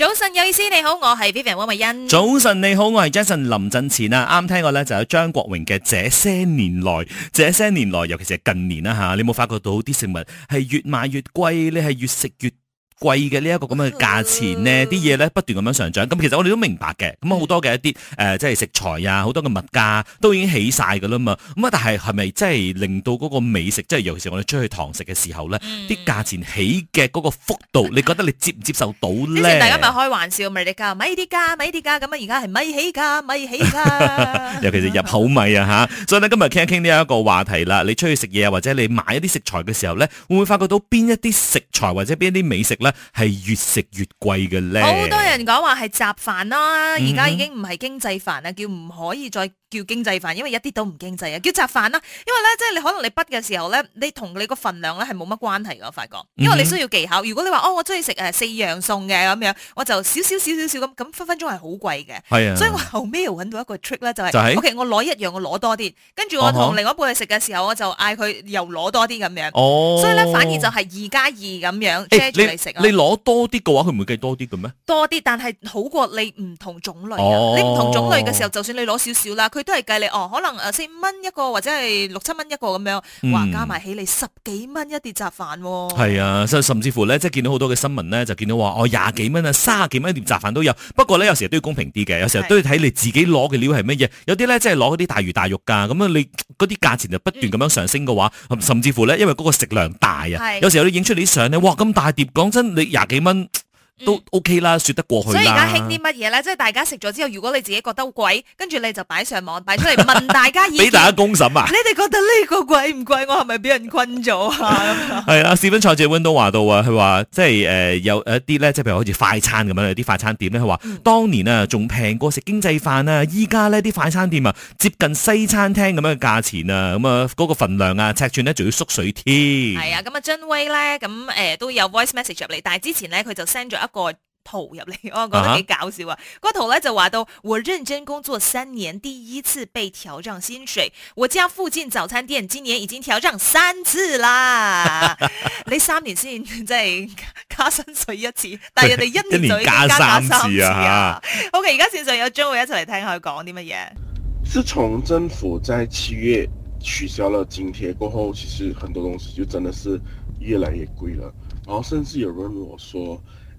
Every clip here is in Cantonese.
早晨，有意思你好，我係 Vivian 汪慧欣。早晨你好，我係 Jason 林振前啊，啱聽過咧，就有張國榮嘅這些年來，這些年來，尤其是近年啦吓、啊，你冇發覺到啲食物係越買越貴，你係越食越？貴嘅呢一個咁嘅價錢咧，啲嘢咧不斷咁樣上漲。咁其實我哋都明白嘅。咁啊好多嘅一啲誒，即係食材啊，好多嘅物價都已經起曬㗎啦嘛。咁啊，但係係咪真係令到嗰個美食，即係尤其是我哋出去堂食嘅時候咧，啲價錢起嘅嗰個幅度，你覺得你接唔接受到咧？之前大家咪開玩笑，咪你加咪啲價咪啲價，咁啊而家係咪起價咪起價？尤其是入口米啊嚇，所以咧今日傾一傾呢一個話題啦。你出去食嘢啊，或者你買一啲食材嘅時候咧，會唔會發覺到邊一啲食材或者邊一啲美食咧？係越食越貴嘅咧，好多人講話係雜飯啦，而家已經唔係經濟飯啦，叫唔可以再。叫經濟飯，因為一啲都唔經濟啊！叫雜飯啦，因為咧，即係你可能你筆嘅時候咧，你同你個份量咧係冇乜關係嘅發覺，因為你需要技巧。如果你話哦，我中意食誒四樣餸嘅咁樣，我就少少少少少咁，咁分分鐘係好貴嘅。係啊，所以我後屘又揾到一個 trick 咧，就是，就係 OK，我攞一樣我攞多啲，跟住我同另外一半去食嘅時候，我就嗌佢又攞多啲咁樣。哦，所以咧反而就係二加二咁樣遮住嚟食。你攞多啲嘅話，佢唔會計多啲嘅咩？多啲，但係好過你唔同種類。哦，你唔同種類嘅時候，就算你攞少少啦，佢都係計你哦，可能誒四五蚊一個或者係六七蚊一個咁樣，哇加埋起嚟、嗯、十幾蚊一碟雜飯。係啊，甚至乎咧，即係見到好多嘅新聞咧，就見到話哦廿幾蚊啊，三十幾蚊一碟雜飯都有。不過咧，有時候都要公平啲嘅，有時候都要睇你自己攞嘅料係乜嘢。有啲咧即係攞嗰啲大魚大肉㗎，咁啊你嗰啲價錢就不斷咁樣上升嘅話，嗯、甚至乎咧，因為嗰個食量大啊，有時候你影出你啲相咧，哇咁大碟，講真你廿幾蚊。都 OK 啦，說得過去啦。嗯、所以而家興啲乜嘢咧？即、就、係、是、大家食咗之後，如果你自己覺得好貴，跟住你就擺上網擺出嚟問大家意見。俾 大家公審啊！你哋覺得呢個貴唔貴？我係咪俾人困咗 啊？係啦，視頻菜姐 Window 都話到啊，佢話即係誒、呃、有一啲咧，即係譬如好似快餐咁樣啲快餐店咧，佢話、嗯、當年啊仲平過食經濟飯啊。依家呢啲快餐店啊接近西餐廳咁樣嘅價錢啊，咁啊嗰個份量啊尺寸咧仲要縮水添。係、嗯、啊，咁啊 Jun Wei 咧咁誒都有 Voice Message 入嚟，但係之前咧佢就 send 咗個圖入嚟，我覺得幾搞笑啊！嗰圖咧就話到，我認真工作三年，第一次被調漲薪水。我家附近早餐店今年已經調漲三次啦。 你三年先，即係加薪水一次，但係你一， 一年加三次啊！OK，而家線上有張，我一齊嚟聽下佢講啲乜嘢。自從政府在七月取消了津貼過後，其實很多東西就真的是越來越貴啦。然後甚至有人跟我說。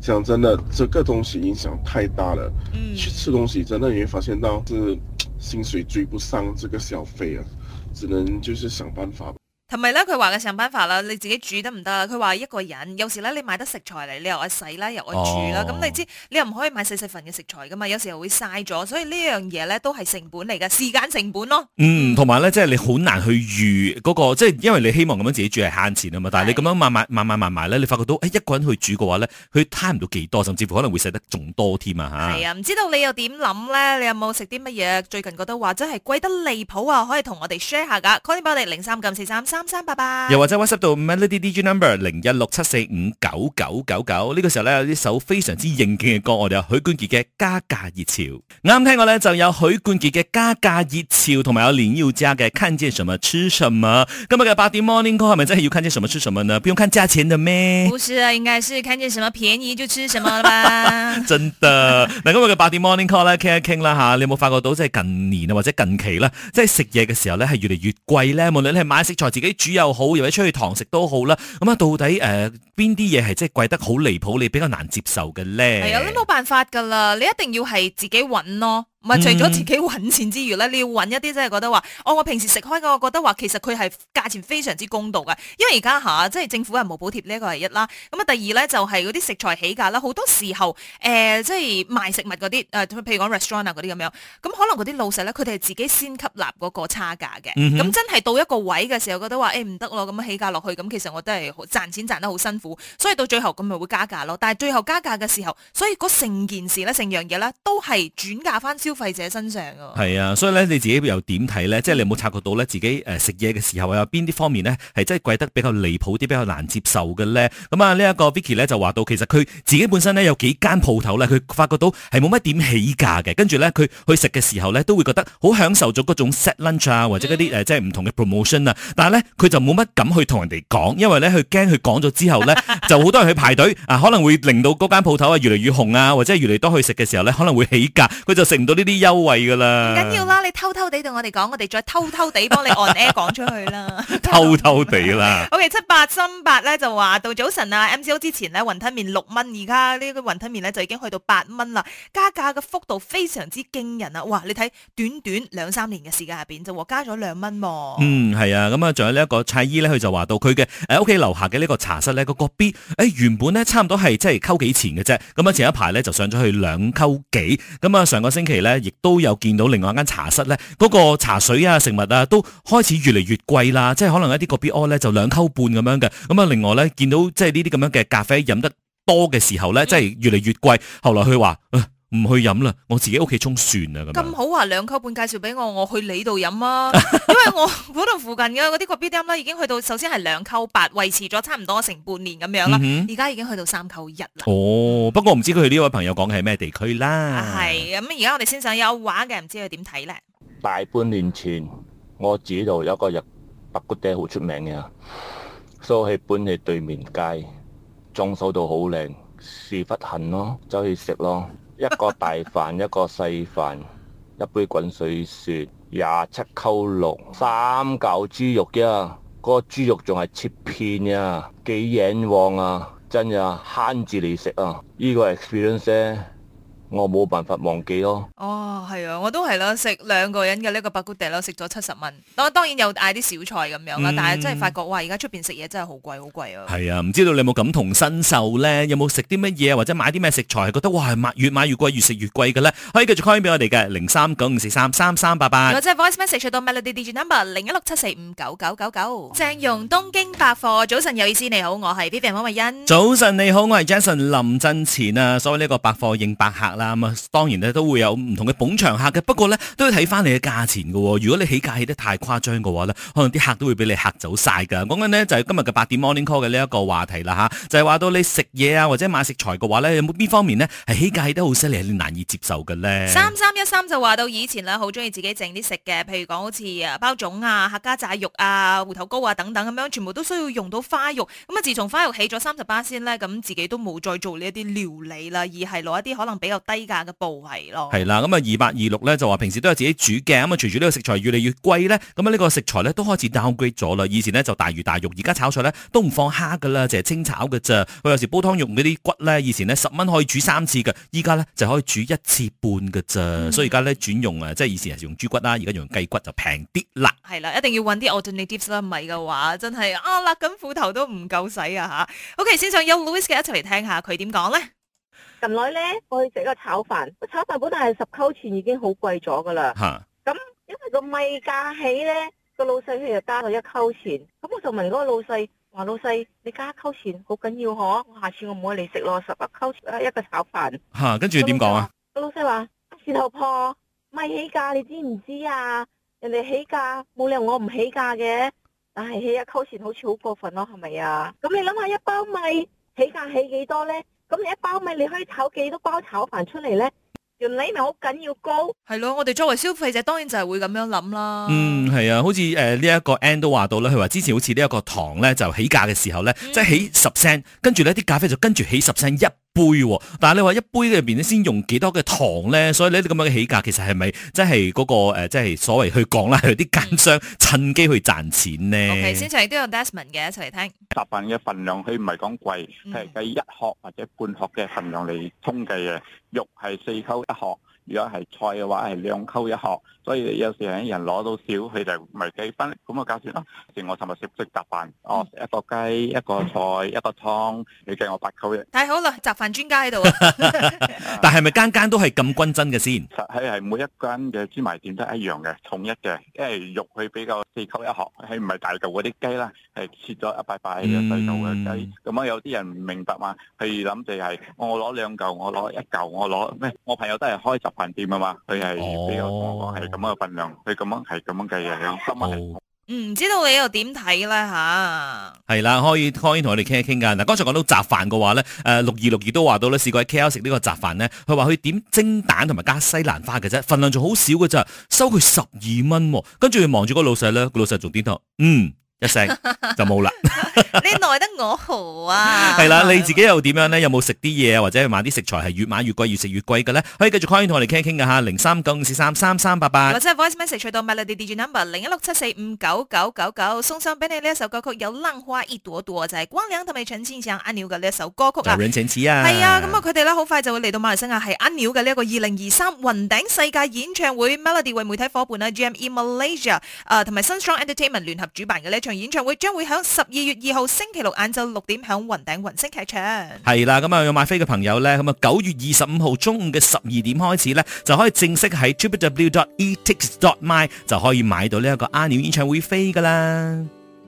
講真的，這個東西影響太大了。嗯，去吃東西，真的你會發現到是薪水追不上這個消費啊，只能就是想辦法。同埋咧，佢話嘅上班法啦，你自己煮得唔得？佢話一個人有時咧，你買得食材嚟，你又愛洗啦，又愛煮啦。咁你知你又唔可以買細細份嘅食材噶嘛？有時候會嘥咗，所以呢樣嘢咧都係成本嚟㗎，時間成本咯。嗯，同埋咧，即係你好難去預嗰個，即係因為你希望咁樣自己煮係慳錢啊嘛。但係你咁樣慢慢慢慢慢慢咧，你發覺到一個人去煮嘅話咧，佢慳唔到幾多，甚至乎可能會使得仲多添啊嚇。係啊，唔知道你又點諗咧？你有冇食啲乜嘢？最近覺得話真係貴得離譜啊，可以同我哋 share 下噶。c a l 零三九四三三。三三八八，又或者 WhatsApp 到 melodydgnumber 零一六七四五九九九九，呢個時候咧有呢首非常之應景嘅歌，我哋有許冠傑嘅《加價熱潮》，啱聽過咧就有許冠傑嘅《加價熱潮》，同埋有連要嘉嘅《看見什麼吃什麼》。今日嘅八點 Morning Call 係咪真係要看見什麼吃什麼呢？不用看價錢嘅咩？不是啊，應該是看見什麼便宜就吃什麼啦。 真的，嗱今日嘅八點 Morning Call 咧傾一傾啦吓，你有冇發覺到即係近年啊或者近期啦，即係食嘢嘅時候咧係越嚟越貴咧，無論你係買食材自己，煮又好，又或者出去堂食都好啦。咁、嗯、啊，到底誒邊啲嘢係即係貴得好離譜，你比較難接受嘅咧？係啊、哎，你冇辦法噶啦，你一定要係自己揾咯。唔係、嗯、除咗自己揾錢之餘咧，你要揾一啲真係覺得話，哦，我平時食開嗰個覺得話，其實佢係價錢非常之公道嘅，因為而家嚇即係政府係冇補貼呢、這個、一個係一啦。咁啊，第二咧就係嗰啲食材起價啦，好多時候誒、呃，即係賣食物嗰啲誒，譬如講 restaurant 啊嗰啲咁樣，咁可能嗰啲老細咧，佢哋係自己先吸納嗰個差價嘅。咁、嗯嗯、真係到一個位嘅時候，覺得話誒唔得咯，咁、欸、起價落去，咁其實我都係賺錢賺得好辛苦，所以到最後咁咪會加價咯。但係最後加價嘅時候，所以嗰成件事咧，成樣嘢咧都係轉嫁翻消費者身上㗎，係啊，所以咧你自己又點睇呢？即係你有冇察覺到呢，自己誒食嘢嘅時候有邊啲方面呢？係真係貴得比較離譜啲、比較難接受嘅呢。咁啊，呢一個 Vicky 呢，就話到，其實佢自己本身呢，有幾間鋪頭呢，佢發覺到係冇乜點起價嘅。跟住呢，佢去食嘅時候呢，都會覺得好享受咗嗰種 set lunch 啊，或者嗰啲、 呃、即係唔同嘅 promotion 啊。但係呢，佢就冇乜敢去同人哋講，因為呢，佢驚佢講咗之後呢，就好多人去排隊啊，可能會令到嗰間鋪頭啊越嚟越紅啊，或者越嚟越多去食嘅時候呢，可能會起價，佢就食唔到呢啲優惠噶啦，唔緊要啦，你偷偷地對我哋講，我哋再偷偷地幫你 on air 講出去啦，偷偷地啦。O K，七八三八咧就話到早晨啊，M C O 之前咧雲吞麵六蚊，而家呢個雲吞麵咧就已經去到八蚊啦，加價嘅幅度非常之驚人啊！哇，你睇短短兩三年嘅時間入邊就加咗兩蚊喎。嗯，係啊，咁啊，仲有呢一個蔡姨咧，佢就話到佢嘅誒屋企樓下嘅呢個茶室咧，個角 B 誒原本咧差唔多係即係溝幾錢嘅啫，咁啊前一排咧就上咗去兩溝幾，咁啊上個星期咧。亦都有見到另外一間茶室咧，嗰、嗰個茶水啊、食物啊，都開始越嚟越貴啦。即係可能一啲個別攤、啊、咧就兩溝半咁樣嘅。咁啊，另外咧見到即係呢啲咁樣嘅咖啡飲得多嘅時候咧，即係越嚟越貴。後來佢話，呃唔去飲啦，我自己屋企沖船啦、啊。咁咁好話兩溝半介紹俾我，我去你度飲啊， 因為我嗰度附近嘅嗰啲個 B D M 啦，已經去到首先係兩溝八維持咗差唔多成半年咁樣啦，而家、嗯、哼已經去到三溝一啦。哦，嗯、哼不過唔知佢呢位朋友講嘅係咩地區啦。係咁、啊，而家、嗯、我哋先想有話嘅，唔知佢點睇咧？大半年前，我自己度有個日白骨爹好出名嘅，所以搬去對面街，裝修到好靚，屎忽痕咯，走去食咯。 一個大飯，一個細飯，一杯滾水雪，廿七扣六，三嚿豬肉呀、啊，個豬肉仲係切片呀、啊，幾硬旺啊，真呀慳住你食啊，呢、啊，個係 experience、啊。我冇辦法忘記咯。哦，係啊，我都係啦，食兩個人嘅呢個白骨蝶咯，食咗七十蚊。當當然有嗌啲小菜咁樣啦，但係真係發覺哇，而家出邊食嘢真係好貴，好貴啊！係啊，唔知道你有冇感同身受咧？有冇食啲乜嘢啊？或者買啲咩食材係覺得哇，越買越貴，越食越貴嘅咧？可以繼續 call 翻俾我哋嘅零三九五四三三三八八。或者 voice message 到 Melody digital number 零一六七四五九九九九。鄭融東京百貨早晨有意思，你好，我係 Vivian 方慧欣。早晨你好，我係 Jason 林振前啊，所謂呢個百貨應白客。啊、嗯，當然咧都會有唔同嘅捧場客嘅，不過咧都要睇翻你嘅價錢嘅喎、哦。如果你起價起得太誇張嘅話咧，可能啲客都會俾你嚇走晒噶。講緊呢就係、是、今日嘅八點 Morning Call 嘅呢一個話題啦吓、啊，就係、是、話到你食嘢啊或者買食材嘅話咧，有冇邊方面呢係起價起得好犀利，你難以接受嘅咧？三三一三就話到以前咧好中意自己整啲食嘅，譬如講好似啊包粽啊客家炸肉啊芋頭糕啊等等咁樣，全部都需要用到花肉。咁、嗯、啊，自從花肉起咗三十巴仙咧，咁自己都冇再做呢一啲料理啦，而係攞一啲可能比較，.低價嘅部位咯，係啦，咁 啊、 嗯，二八二六咧就話平時都有自己煮嘅，咁啊，隨住呢個食材越嚟越貴咧，咁、嗯、啊、呢、這個食材咧都開始 downgrade 咗啦。以前咧就大魚大肉，而家炒菜咧都唔放蝦噶啦，淨係清炒噶啫。佢有時煲湯用嗰啲骨咧，以前咧十蚊可以煮三次噶，依家咧就可以煮一次半噶啫。嗯、所以而家咧轉用啊，即係以前係用豬骨啦，而家用雞骨就平啲啦。係啦， 一定要揾啲 alternatives 唔係嘅話真係啊，勒緊褲頭都唔夠使啊吓。OK，先上 Louis 嘅一齊嚟聽下佢點講咧。近來咧，我去食一個炒飯，個炒飯本來係十溝錢已經好貴咗噶啦。咁、啊、因為個米價起咧，個老細佢就加咗一溝錢。咁我就問嗰個老細：話老細，你加一溝錢好緊要嗬？我下次我唔去嚟食咯，十八溝錢一個炒飯。嚇！跟住點講啊？個老細話：蝕頭 婆，米起價你知唔知啊？人哋起價冇理由我唔起價嘅，但係起一溝錢好似好過分咯，係咪啊？咁你諗下一包米起價起幾多咧？咁你一包米你可以炒幾多包炒飯出嚟咧？原理咪好緊要高？係咯，我哋作為消費者，當然就係會咁樣諗啦。嗯，係啊，好似誒呢一個 Ann 都話到啦，佢話之前好似呢一個糖咧就起價嘅時候咧，嗯、即係起十仙，跟住咧啲咖啡就跟住起十仙一杯、啊，但係你話一杯入邊咧先用幾多嘅糖咧，所以呢啲咁樣嘅起價，其實係咪即係嗰個誒，即、呃、係、就是、所謂去講啦，有啲奸商趁機去賺錢咧。O、okay, K，現場亦都有 Desmond 嘅一齊嚟聽。雜飯嘅份量佢唔係講貴，係計、嗯、一殼或者半殼嘅份量嚟充計嘅，肉係四溝一殼。如果係菜嘅話係兩溝一盒，所以有時候人攞到少，佢就咪幾分咁啊，交錢咯。剩我尋日食唔食雜飯，哦，一個雞一個菜 一個湯，你計我八溝一口。 但係好啦，雜飯專家喺度啊，但係咪間間都係咁均真嘅先？實係係每一間嘅專賣店都係一樣嘅，統一嘅，因為肉佢比較。四嚿一盒，係唔係大嚿嗰啲雞啦？係切咗一塊塊嘅細嚿嘅雞。咁啊，嗯、樣有啲人唔明白嘛，佢諗住係我攞兩嚿，我攞一嚿，我攞咩？我朋友都係開雜品店啊嘛，佢係比較講係咁樣嘅份量，佢咁樣係咁樣計嘅。哦。唔知道你又點睇咧吓？係啦，可以當然同我哋傾一傾㗎。嗱，剛才講到雜飯嘅話咧，誒六二六二都話到咧，試過喺 K L 食呢個雜飯咧，佢話佢點蒸蛋同埋加西蘭花嘅啫，份量仲好少嘅咋，收佢十二蚊，跟住佢望住個老細咧，個老細仲點頭，嗯，一聲就冇啦。 你耐得我好啊？係啦，你自己又點樣咧？有冇食啲嘢啊？或者買啲食材係越買越貴，越食越貴嘅咧？可以繼續 call in 同我哋傾一傾㗎嚇，零三九五四三三三八八或者 voice message 去到 Melody DJ Number 零一六七四五九九九九，送上俾你呢一首歌曲，有冷花一朵朵就係、是、光良同埋陳先生阿鳥嘅呢一首歌曲啊，啊！陳子啊，係啊，咁啊，佢哋咧好快就會嚟到馬來西亞，係阿鳥嘅呢一個二零二三雲頂世界演唱會 Melody 為媒體伙伴啦，GME Malaysia 同、呃、埋 Sunstrong Entertainment 聯合主辦嘅呢一場演唱會，將會響十二月二。二號星期六晏晝六點喺雲頂雲星劇場，係、嗯、啦，咁、嗯、啊、嗯、要買飛嘅朋友呢，咁啊九月二十五號中午嘅十二點開始呢，就可以正式喺 www.etix.com 就可以買到呢一個 a 鳥演唱會飛噶啦。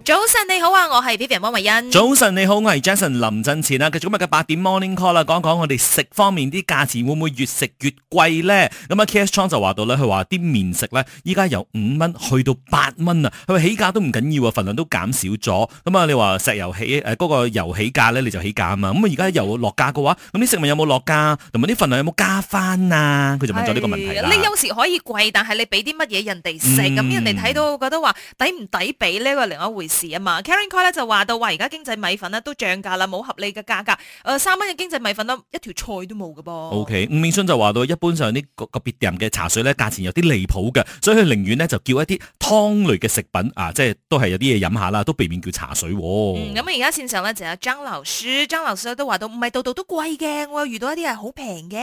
早晨你好啊，我係 Vivian 汪慧欣。早晨你好，我係 Jason 林振前啊。繼續今日嘅八點 morning call 啦，講講我哋食方面啲價錢會唔會越食越貴咧？咁、嗯、啊 k a s h 窗就話到咧，佢話啲麵食咧，依家，由五蚊去到八蚊啊，佢話起價都唔緊要啊，份量都減少咗。咁、嗯、啊，你話石油起誒嗰、呃，那個油起價咧，你就起價啊嘛。咁、嗯、啊，而家油落價嘅話，咁啲食物有冇落價？同埋啲份量有冇加翻啊？佢就問咗呢個問題。你有時可以貴，但係你俾啲乜嘢人哋食，咁、嗯、人哋睇到覺得話抵唔抵俾呢個另外一回事。啊嘛，Karen Co 咧就話到話而家經濟米粉咧都漲價啦，冇合理嘅價格。誒三蚊嘅經濟米粉咯，一條菜都冇㗎噃。OK，吳明春就話到，一般上啲個別店嘅茶水咧，價錢有啲離譜嘅，所以佢寧願咧就叫一啲湯類嘅食品啊，即係都係有啲嘢飲下啦，都避免叫茶水，哦。嗯，咁啊，而家線上咧就有張老師，張老師都話到唔係度度都貴嘅，我有遇到一啲係好平嘅。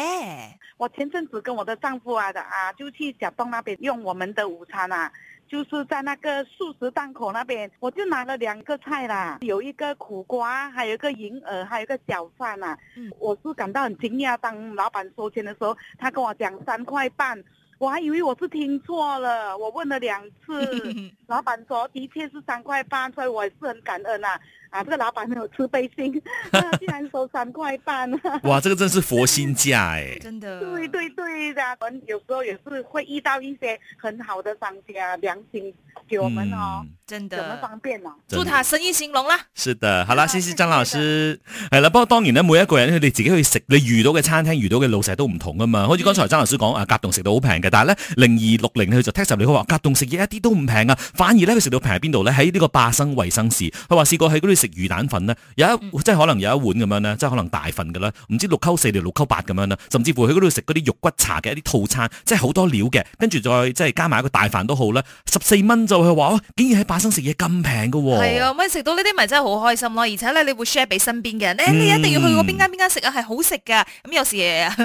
我前陣子跟我的丈夫啊的啊，就去小東那邊用我們的午餐啊。就是在那個素食檔口那邊，我就拿了兩個菜啦，有一個苦瓜，還有一個銀耳，還有一個小飯啦、啊。我是感到很驚訝，當老闆收錢的時候，他跟我講三塊半，我還以為我是聽錯了，我問了兩次，老闆說的確是三塊半，所以我是很感恩啊。啊，這個老闆很有慈悲心， 竟然收三塊半、啊。哇，這個真是佛心價誒！ 真的，對對對，噶，我、啊、有時候也是會遇到一些很好的商家，良心給我們哦，嗯、真的，怎麼方便咯、啊？祝他生意興隆啦！是的，好了的，謝謝張老師。係啦，不過當然呢，每一個人佢哋自己去食，你遇到嘅餐廳、遇到嘅老細都唔同噶嘛。好似的剛才張老師講啊，甲洞食到好平嘅，但係呢，零二六零佢就 text 嚟，佢話甲洞食嘢一啲都唔平啊，反而呢，佢食到平喺邊度呢？喺呢個巴生衛生市，佢話試過喺嗰啲。食魚蛋粉咧，有一、嗯、即係可能有一碗咁樣咧，即係可能大份噶啦，唔知六勾四定六勾八咁樣啦，甚至乎喺嗰度食嗰啲肉骨茶嘅一啲套餐，即係好多料嘅，跟住再即係加埋一個大飯都好啦，十四蚊就去話、哦、竟然喺巴生食嘢咁平噶喎！係啊，咁食到呢啲咪真係好開心咯，而且咧你會 share 俾身邊嘅人咧，嗯、你一定要去過邊間邊間食啊，係好食噶，咁有時即係、嘢啊、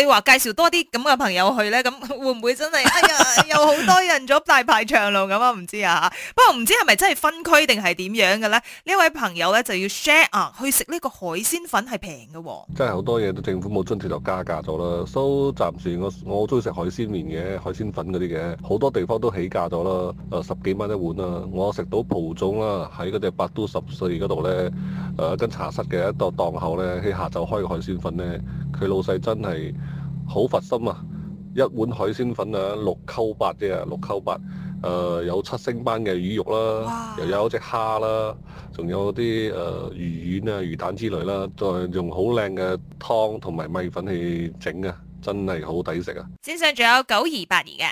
你話介紹多啲咁嘅朋友去咧，咁會唔會真係哎呀有好 多人咗大排長龍咁啊？唔知啊，不過唔知係咪真係分區定係點樣嘅咧？呢位朋友咧就要 share 啊，去食呢個海鮮粉係平嘅，真係好多嘢都政府冇津貼就加價咗啦。所以暫時我我好中意食海鮮麵嘅、海鮮粉嗰啲嘅，好多地方都起價咗啦。誒、呃、十幾蚊一碗啊！我食到鋪總啦，喺嗰只百都十歲嗰度咧，誒、呃、跟茶室嘅一檔檔口咧，喺下晝開嘅海鮮粉咧，佢老細真係好佛心啊！一碗海鮮粉啊，六扣八啫，六扣八。誒、呃、有七星斑嘅魚肉啦，哇又有一隻蝦啦，仲有啲誒、呃、魚丸啊、魚蛋之類啦，再用好靚嘅湯同埋米粉去整啊，真係好抵食啊！先上仲有九二八二嘅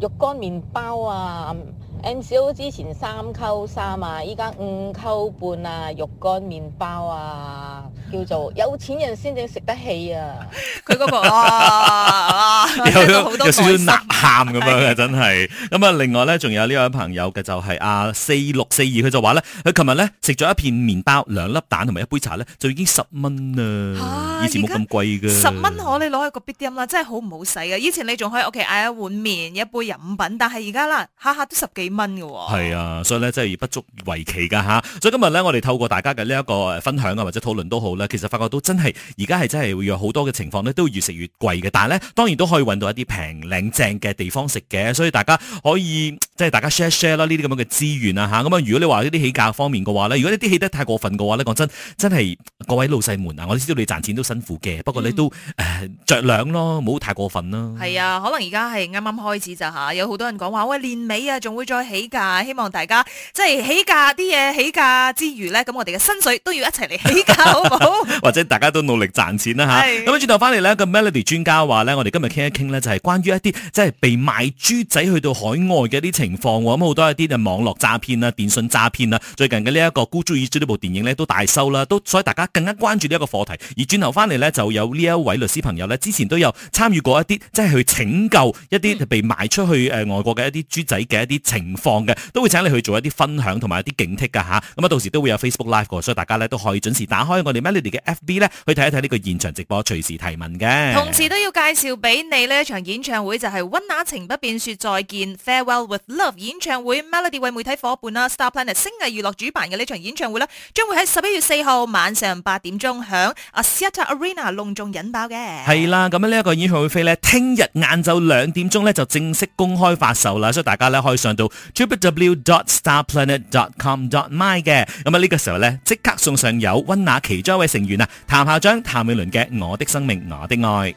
肉乾麵包啊，MCO 之前三溝三啊，依家五溝半啊，肉乾麵包啊，叫做有錢人先至食得起啊！佢嗰、 嗰個啊，啊啊有好 多耐心。喊咁樣真係，咁啊，另外咧仲有呢位朋友嘅就係阿四六四二，佢就話咧佢琴日咧食咗一片麵包、兩粒蛋同埋一杯茶咧，就已經十蚊啦。啊、以前冇咁貴嘅，十蚊可你攞去個 big deal 啦，真係好唔好使嘅。以前你仲可以屋企嗌一碗麵、一杯飲品，但係而家啦下下都十幾蚊嘅、哦。係啊，所以咧真係不足為奇噶吓、啊。所以今日咧我哋透過大家嘅呢一個分享啊或者討論都好咧，其實發覺到真係而家係真係會有好多嘅情況呢，都越食越貴嘅。但係咧當然都可以揾到一啲平靚正嘅。地方食嘅，所以大家可以即係、就是、大家 share share 啦，呢啲咁樣嘅資源啊嚇。咁啊，如果你話呢啲起價方面嘅話咧，如果呢啲起得太過分嘅話咧，講真真係各位老細們啊，我知道你哋賺錢都辛苦嘅，不過你都誒、嗯呃、著量咯，唔好太過分啦。係啊，可能而家係啱啱開始咋嚇、啊，有好多人講話喂年尾啊，仲會再起價，希望大家即係、就是、起價啲嘢起價之餘呢，咁我哋嘅薪水都要一齊嚟起價 好唔好？或者大家都努力賺錢啦吓，咁轉頭翻嚟呢、那個 Melody 專家話咧，我哋今日傾一傾咧，就係關於一啲即係。就是被賣豬仔去到海外嘅啲情況，咁、嗯、好多一啲就網絡詐騙啊、電信詐騙啊。最近嘅呢一個《孤注一擲》呢部電影咧都大收啦，都所以大家更加關注呢一個課題。而轉頭翻嚟呢，就有呢一位律師朋友呢，之前都有參與過一啲，即係去拯救一啲被賣出去誒外國嘅一啲豬仔嘅一啲情況嘅，都會請你去做一啲分享同埋一啲警惕嘅嚇。咁啊，到時都會有 Facebook Live 喎，所以大家呢都可以準時打開我哋 Melody 嘅 FB 呢，去睇一睇呢個現場直播，隨時提問嘅。同時都要介紹俾你呢一場演唱會，就係、是那情不便說再見，Farewell with Love 演唱會，Melody 為媒體伙伴啦，Star Planet 星藝娛樂主辦嘅呢場演唱會咧，將會喺十一月四號晚上八點鐘響 Axiata Arena 隆重引爆嘅。係啦，咁呢一個演唱會飛咧，聽日晏晝兩點鐘咧就正式公開發售啦，所以大家咧可以上到 www.starplanet.com.my 嘅。咁啊呢個時候咧即刻送上由温拿其中一位成員啊譚校長譚詠麟嘅我的生命我的愛。